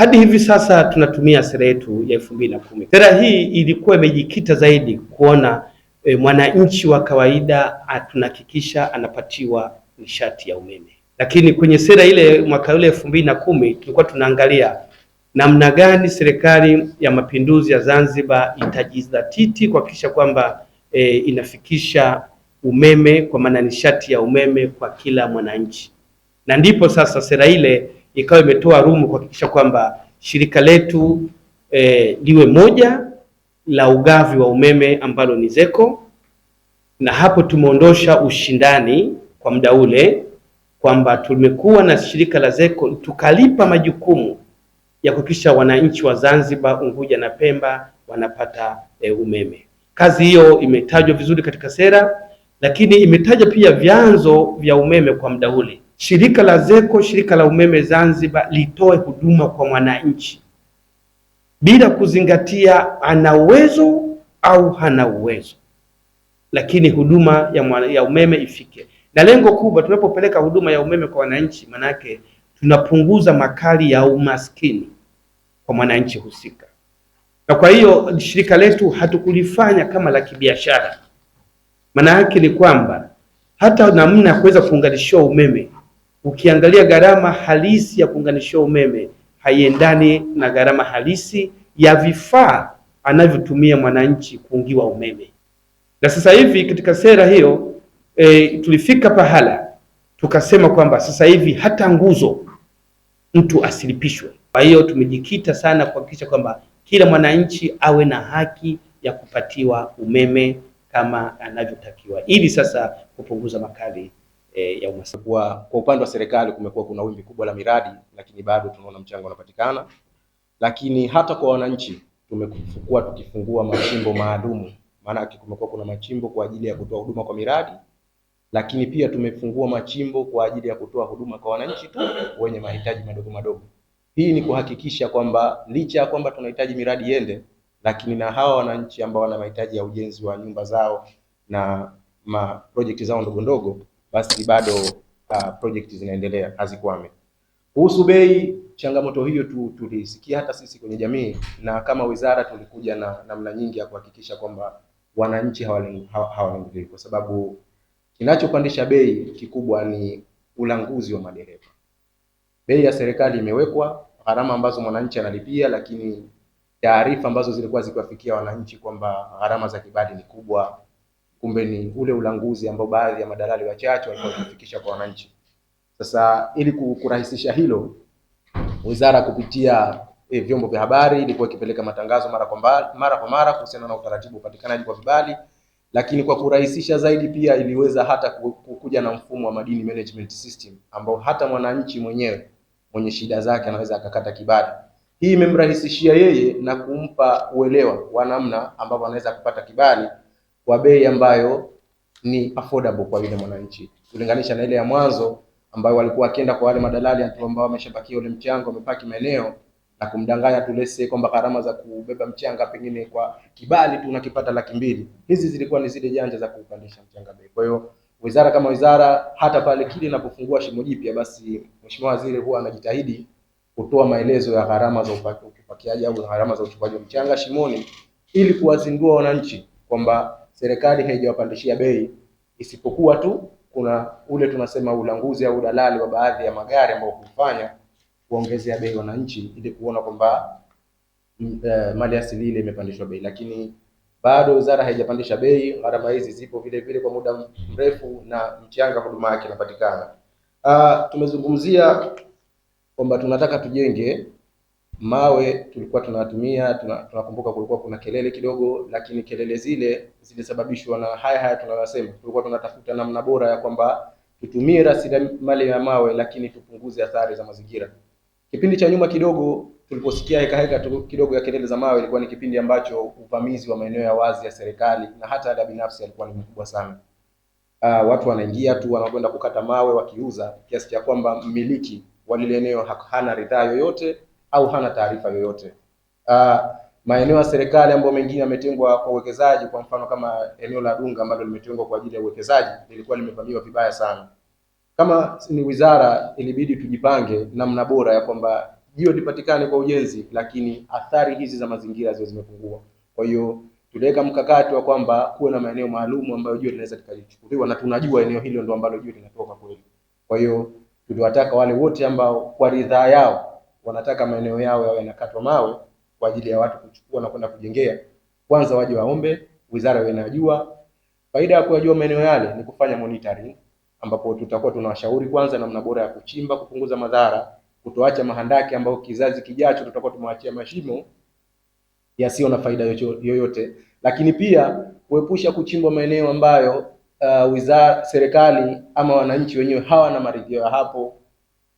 hadi hivi sasa tunatumia sera yetu ya elfu mbili na kumi. Sera hii ilikuwa imejikita zaidi kuona e, mwananchi wa kawaida tunahakikisha anapatiwa nishati ya umeme, lakini kwenye sera ile mwaka ule elfu mbili na kumi tulikuwa tunaangalia namna gani serikali ya mapinduzi ya Zanzibar itajizatiti kuhakikisha kwamba e, inafikisha umeme kwa maana nishati ya umeme kwa kila mwananchi, na ndipo sasa sera ile ikawa imetoa rumu kuhakikisha kwamba shirika letu e, liwe moja la ugavi wa umeme ambalo ni ZECO, na hapo tumeondosha ushindani kwa muda ule kwamba tumekuwa na shirika la ZECO tukalipa majukumu ya kuhakikisha wananchi wa Zanzibar, Unguja na Pemba wanapata e, umeme. Kazi hiyo imetajwa vizuri katika sera, lakini imetaja pia vyanzo vya umeme kwa muda ule shirika la ZECO, shirika la umeme Zanzibar, litoe huduma kwa mwananchi bila kuzingatia ana uwezo au hana uwezo, lakini huduma ya, mwana, ya umeme ifike. Na lengo kubwa tunapopeleka huduma ya umeme kwa wananchi, manake tunapunguza makali ya umaskini kwa mwananchi husika. Na kwa hiyo shirika letu hatukulifanya kama la kibiashara, maana yake ni kwamba hata namna ya kuweza kuunganishiwa umeme ukiangalia gharama halisi ya kuunganishiwa umeme haiendani na gharama halisi ya vifaa anavyotumia mwananchi kuungiwa umeme. Na sasa hivi katika sera hiyo e, tulifika pahala tukasema kwamba sasa hivi hata nguzo mtu asilipishwe. Kwa hiyo tumejikita sana kuhakikisha kwamba kila mwananchi awe na haki ya kupatiwa umeme kama anavyotakiwa ili sasa kupunguza makali e, ya umasikini. Kwa upande wa serikali kumekuwa kuna wimbi kubwa la miradi, lakini bado tunaona mchango unapatikana. Lakini hata kwa wananchi tumekuwa tukifungua machimbo maalumu, maana kumekuwa kuna machimbo kwa ajili ya kutoa huduma kwa miradi, lakini pia tumefungua machimbo kwa ajili ya kutoa huduma kwa wananchi tu wenye mahitaji madogo madogo. Hii ni kuhakikisha kwamba licha ya kwamba tunahitaji miradi iende, lakini na hawa wananchi ambao wana mahitaji ya ujenzi wa nyumba zao na ma project zao ndogo ndogo basi bado uh, project zinaendelea hazikwame. Kuhusu bei, changamoto hiyo tu tulisikia hata sisi kwenye jamii, na kama wizara tulikuja na namna nyingi ya kuhakikisha kwamba wananchi hawalengwi kwa sababu kinachopandisha bei kikubwa ni ulanguzi wa madereva. Bei ya serikali imewekwa, gharama ambazo mwananchi analipia, lakini taarifa ambazo zilikuwa zikiwafikia wananchi kwamba gharama za kibali ni kubwa kumbe ni ule ulanguzi ambao baadhi ya madalali wachache walikuwa wakifikisha kwa wananchi. Sasa ili kurahisisha hilo, wizara kupitia e, vyombo vya habari ilikuwa ikipeleka matangazo mara kwa mara, mara kwa mara kuhusiana na utaratibu upatikanaji kwa vibali, lakini kwa kurahisisha zaidi pia iliweza hata kuja na mfumo wa madini management system ambao hata mwananchi mwenyewe mwenye shida zake anaweza akakata kibali. Hii imemrahisishia yeye na kumpa uelewa wa namna ambavyo anaweza kupata kibali kwa bei ambayo ni affordable kwa yule mwananchi, kulinganisha na ile ya mwanzo ambayo walikuwa wakienda kwa wale madalali ambao wameshapakia ule mchango, wamepaki maeneo na kumdanganya tu lese kwamba gharama za kubeba mchanga pengine kwa kibali tu unakipata laki mbili. Hizi zilikuwa ni zile janja za kupandisha mchanga bei. Kwa hiyo wizara kama wizara, hata pale kile inapofungua shimo jipya, basi mheshimiwa waziri huwa anajitahidi kutoa maelezo ya gharama za upakiaji au gharama za uchukuaji wa mchanga shimoni ili kuwazindua wananchi kwamba serikali haijawapandishia bei, isipokuwa tu kuna ule tunasema ulanguzi au udalali wa baadhi ya magari ambayo hufanya kuongezea bei wananchi ili kuona kwamba uh, mali asili ile imepandishwa bei, lakini bado wizara haijapandisha bei. Gharama hizi zipo vile vile kwa muda mrefu na mchanga huduma yake inapatikana. Uh, tumezungumzia kwamba tunataka tujenge mawe tulikuwa tunatumia tunakumbuka, kulikuwa kuna kelele kidogo, lakini kelele zile zilisababishwa na haya haya tunayosema. Tulikuwa tunatafuta namna bora ya kwamba tutumie rasilimali ya mawe, lakini tupunguze athari za mazingira. Kipindi cha nyuma kidogo tuliposikia heka heka kidogo ya kelele za mawe, ilikuwa ni kipindi ambacho uvamizi wa maeneo ya wazi ya serikali na hata ya binafsi alikuwa ni mkubwa sana. Uh, watu wanaingia tu wanakwenda kukata mawe wakiuza, kiasi cha kwamba mmiliki wa lile eneo hana ridhaa yoyote au hana taarifa yoyote. Uh, maeneo ya serikali ambayo mengine yametengwa kwa uwekezaji, kwa mfano kama eneo la Dunga ambalo limetengwa kwa ajili ya uwekezaji lilikuwa limevamiwa vibaya sana. Kama ni wizara, ilibidi tujipange namna bora ya kwamba jiwe lipatikane kwa ujenzi, lakini athari hizi za mazingira ziwe zimepungua. Kwa hiyo tuliweka mkakati wa kwamba kuwe na maeneo maalum ambayo jiwe linaweza likalichukuliwa, na tunajua eneo hilo ndio ambalo jiwe linatoka kweli. Kwa hiyo tuliwataka wale wote ambao kwa ridhaa yao wanataka maeneo yao yawe yanakatwa mawe kwa ajili ya watu kuchukua na kwenda kujengea, kwanza waje waombe wizara iwe inajua. Faida ya kuyajua maeneo yale ni kufanya monitoring, ambapo tutakuwa tunawashauri kwanza namna bora ya kuchimba, kupunguza madhara, kutoacha mahandaki ambayo kizazi kijacho tutakuwa tumewachia mashimo yasiyo na faida yoyote, lakini pia kuepusha kuchimbwa maeneo ambayo uh, wizara serikali ama wananchi wenyewe hawana maridhio ya hapo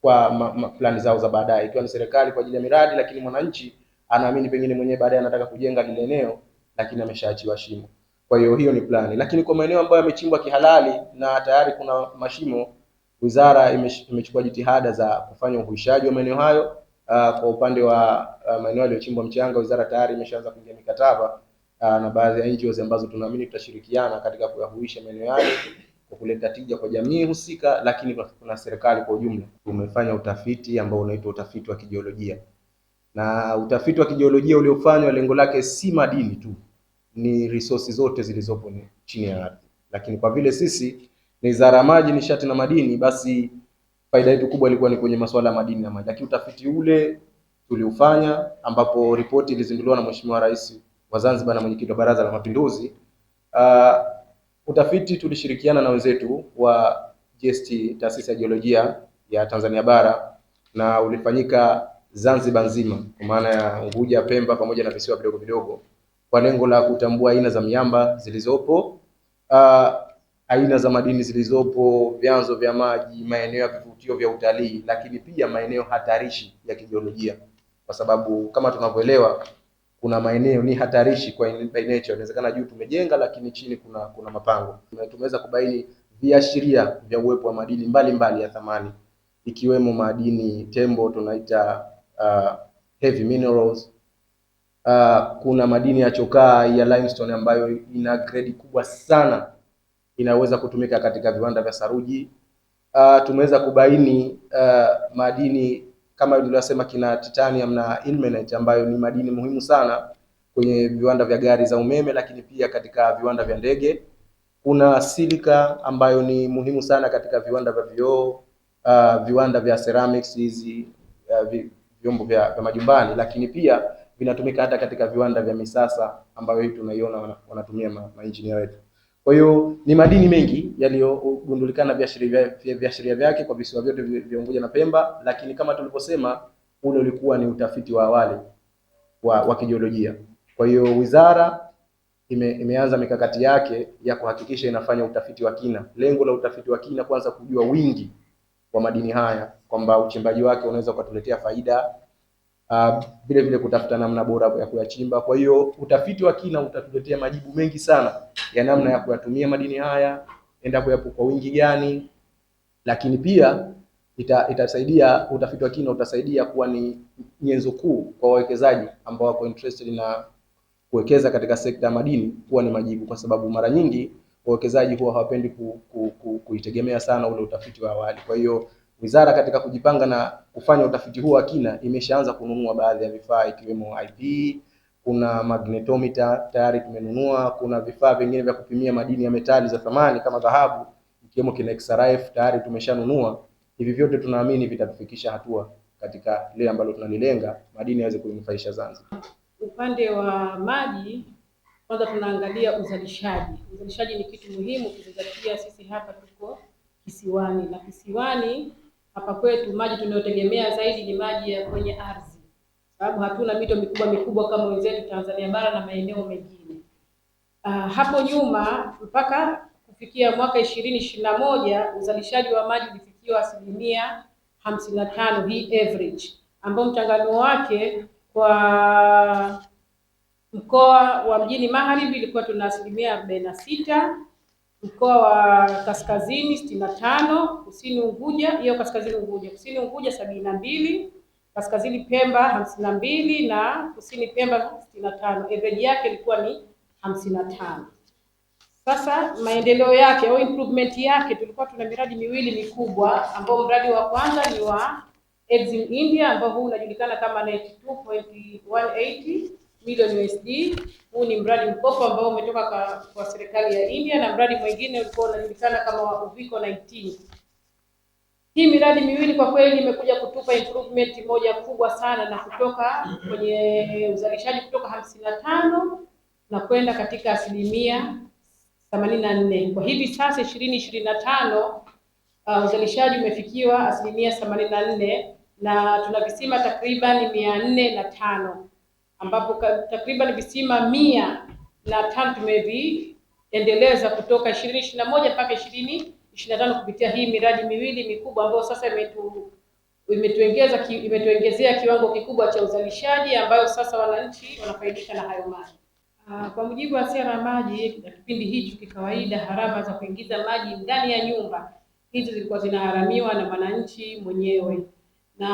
kwa plani zao za baadaye, ikiwa ni serikali kwa ajili ya miradi, lakini mwananchi anaamini pengine mwenyewe baadaye anataka kujenga lile eneo, lakini ameshaachiwa shimo. Kwa hiyo hiyo ni plani, lakini kwa maeneo ambayo yamechimbwa kihalali na tayari kuna mashimo, wizara imechukua jitihada za kufanya uhuishaji wa maeneo hayo. Uh, kwa upande wa uh, maeneo yaliyochimbwa mchanga, wizara tayari imeshaanza kuingia mikataba uh, na baadhi ya NGOs ambazo tunaamini tutashirikiana katika kuyahuisha maeneo yale kwa kuleta tija kwa jamii husika, lakini na serikali kwa ujumla. Tumefanya utafiti ambao unaitwa utafiti wa kijiolojia, na utafiti wa kijiolojia uliofanywa lengo lake si madini tu, ni resources zote zilizopo chini ya ardhi, lakini kwa vile sisi ni wizara maji, nishati na madini, basi faida yetu kubwa ilikuwa ni kwenye masuala ya madini na maji. Lakini utafiti ule tuliofanya, ambapo ripoti ilizinduliwa na Mheshimiwa Rais wa Zanzibar na mwenyekiti wa Baraza la Mapinduzi uh, utafiti tulishirikiana na wenzetu wa GST, taasisi ya jiolojia ya Tanzania bara na ulifanyika Zanzibar nzima kwa maana ya Unguja, Pemba pamoja na visiwa vidogo vidogo kwa lengo la kutambua aina za miamba zilizopo, uh, aina za madini zilizopo, vyanzo vya maji, maeneo ya vivutio vya utalii, lakini pia maeneo hatarishi ya kijiolojia, kwa sababu kama tunavyoelewa kuna maeneo ni hatarishi kwa in, by nature. Inawezekana juu tumejenga, lakini chini kuna kuna mapango. Tumeweza kubaini viashiria vya uwepo wa madini mbalimbali ya thamani ikiwemo madini tembo tunaita uh, heavy minerals uh, kuna madini ya chokaa ya limestone ambayo ina grade kubwa sana inaweza kutumika katika viwanda vya saruji. Uh, tumeweza kubaini uh, madini kama nilivyosema kina titanium na ilmenite ambayo ni madini muhimu sana kwenye viwanda vya gari za umeme, lakini pia katika viwanda vya ndege. Kuna silika ambayo ni muhimu sana katika viwanda vya vioo, uh, viwanda vya ceramics hizi uh, vi, vyombo vya, vya majumbani, lakini pia vinatumika hata katika viwanda vya misasa ambayo hii tunaiona wanatumia mainjinia wetu. Kwa hiyo ni madini mengi yaliyogundulikana viashiria vyake kwa visiwa vyote vya Unguja na Pemba, lakini kama tulivyosema ule ulikuwa ni utafiti wa awali wa, wa kijiolojia. Kwa hiyo wizara ime, imeanza mikakati yake ya kuhakikisha inafanya utafiti wa kina. Lengo la utafiti wa kina, kwanza kujua wingi wa madini haya kwamba uchimbaji wake unaweza ukatuletea faida Ah, vile uh, vile kutafuta namna bora ya kuyachimba. Kwa hiyo utafiti wa kina utatuletea majibu mengi sana ya namna ya kuyatumia madini haya, enda kuyapo kwa wingi gani, lakini pia ita, itasaidia utafiti wa kina utasaidia kuwa ni nyenzo kuu kwa wawekezaji ambao wako interested na kuwekeza katika sekta ya madini kuwa ni majibu, kwa sababu mara nyingi wawekezaji huwa hawapendi ku, ku, ku, kuitegemea sana ule utafiti wa awali. Kwa hiyo Wizara katika kujipanga na kufanya utafiti huo wa kina imeshaanza kununua baadhi ya vifaa ikiwemo IPE, kuna magnetometer tayari tumenunua, kuna vifaa vingine vya kupimia madini ya metali za thamani kama dhahabu ikiwemo kina XRF tayari tumeshanunua. Hivi vyote tunaamini vitatufikisha hatua katika lile ambalo tunalilenga, madini yaweze kuinufaisha Zanzibar. Upande wa maji kwanza tunaangalia uzalishaji. Uzalishaji ni kitu muhimu ukizingatia sisi hapa tuko kisiwani na kisiwani hapa kwetu maji tunayotegemea zaidi ni maji ya kwenye ardhi, sababu hatuna mito mikubwa mikubwa kama wenzetu Tanzania bara na maeneo mengine. Uh, hapo nyuma mpaka kufikia mwaka ishirini ishirini na moja uzalishaji wa maji ulifikiwa asilimia hamsini na tano hii average, ambao mchanganuo wake kwa mkoa wa Mjini Magharibi ilikuwa tuna asilimia arobaini na sita mkoa wa kaskazini sitini na tano, kusini Unguja hiyo kaskazini Unguja, kusini Unguja sabini na mbili, kaskazini Pemba hamsini na mbili na kusini Pemba sitini na tano. Average yake ilikuwa ni hamsini na tano. Sasa maendeleo yake au improvement yake, tulikuwa tuna miradi miwili mikubwa, ambao mradi wa kwanza ni wa Exim India ambao huu unajulikana kama 92.180 milioni USD. Huu ni mradi mkopo ambao umetoka kwa, kwa serikali ya India na mradi mwingine ulikuwa unajulikana kama wa Uviko 19. Hii miradi miwili kwa kweli imekuja kutupa improvement moja kubwa sana na kutoka kwenye uzalishaji kutoka hamsini na tano na kwenda katika asilimia themanini na nne. Kwa hivi sasa ishirini ishirini na tano uh, uzalishaji umefikiwa asilimia themanini na nne na tuna visima takriban mia nne na tano ambapo takriban visima mia na tano tumeviendeleza kutoka ishirini ishirini na moja mpaka ishirini ishirini na tano kupitia hii miradi miwili mikubwa ambayo sasa imetu imetuongeza ki, kiwango kikubwa cha uzalishaji ambayo sasa wananchi wanafaidika na hayo maji. Ah, kwa mujibu wa sera ya maji ya kipindi hicho, kikawaida harama za kuingiza maji ndani ya nyumba hizo zilikuwa zinaharamiwa na mwananchi mwenyewe na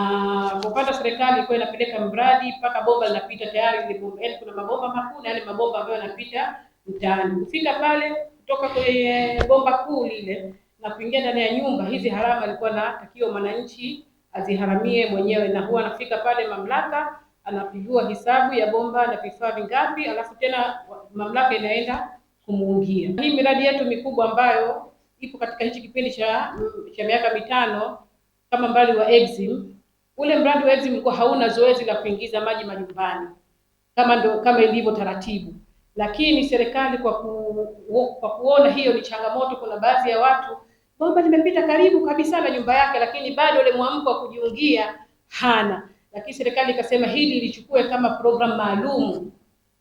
kwa upande wa serikali ilikuwa inapeleka mradi mpaka bomba linapita tayari, yani, kuna mabomba makuu na yale mabomba ambayo yanapita mtaani. Kufika pale kutoka kwenye bomba kuu lile na kuingia ndani ya nyumba, hizi harama alikuwa takio mwananchi aziharamie mwenyewe, na huwa anafika pale mamlaka, anapigua hesabu ya bomba na vifaa vingapi, alafu tena mamlaka inaenda kumuungia. Hii miradi yetu mikubwa ambayo ipo katika hichi kipindi cha cha miaka mitano kama mradi wa EXIM. Ule mradi wa EXIM ulikuwa hauna zoezi la kuingiza maji majumbani kama ndo, kama ilivyo taratibu, lakini serikali kwa, ku, kwa kuona hiyo ni changamoto, kuna baadhi ya watu bomba limepita karibu kabisa na nyumba yake, lakini bado ile mwamko wa kujiungia hana, lakini serikali ikasema hili lichukue kama program maalum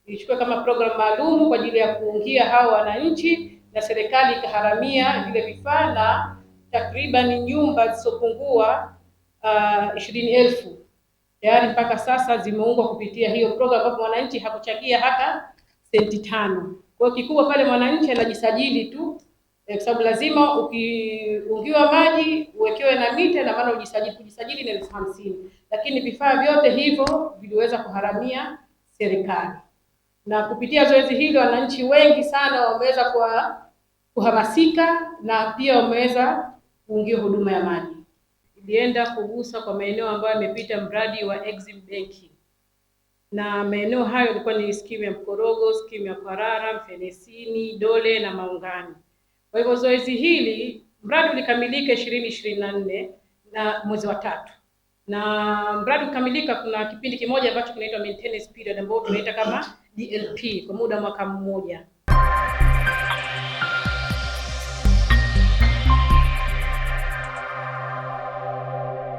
ilichukua kama programu maalum kwa ajili ya kuungia hao wananchi, na serikali ikaharamia vile vifaa na takriban nyumba zisizopungua uh, ishirini uh, elfu tayari mpaka sasa zimeungwa kupitia hiyo program, ambapo mwananchi hakuchangia hata senti tano. Kwa hiyo kikubwa pale mwananchi anajisajili tu eh, kwa sababu lazima ukiungiwa maji uwekewe na mita na maana ujisajili, kujisajili ni elfu hamsini, lakini vifaa vyote hivyo viliweza kuharamia serikali na kupitia zoezi hili wananchi wengi sana wameweza kuhamasika na pia wameweza kuungia huduma ya maji. Ilienda kugusa kwa maeneo ambayo yamepita mradi wa Exim Bank, na maeneo hayo yalikuwa ni skimu ya Mkorogo, skimu ya Parara, Mfenesini, Dole na Maungani. Kwa hivyo zoezi hili mradi ulikamilika ishirini ishirini na nne na mwezi wa tatu, na mradi ukamilika, kuna kipindi kimoja ambacho kinaitwa maintenance period ambao tunaita kama DLP kwa muda mwaka mmoja.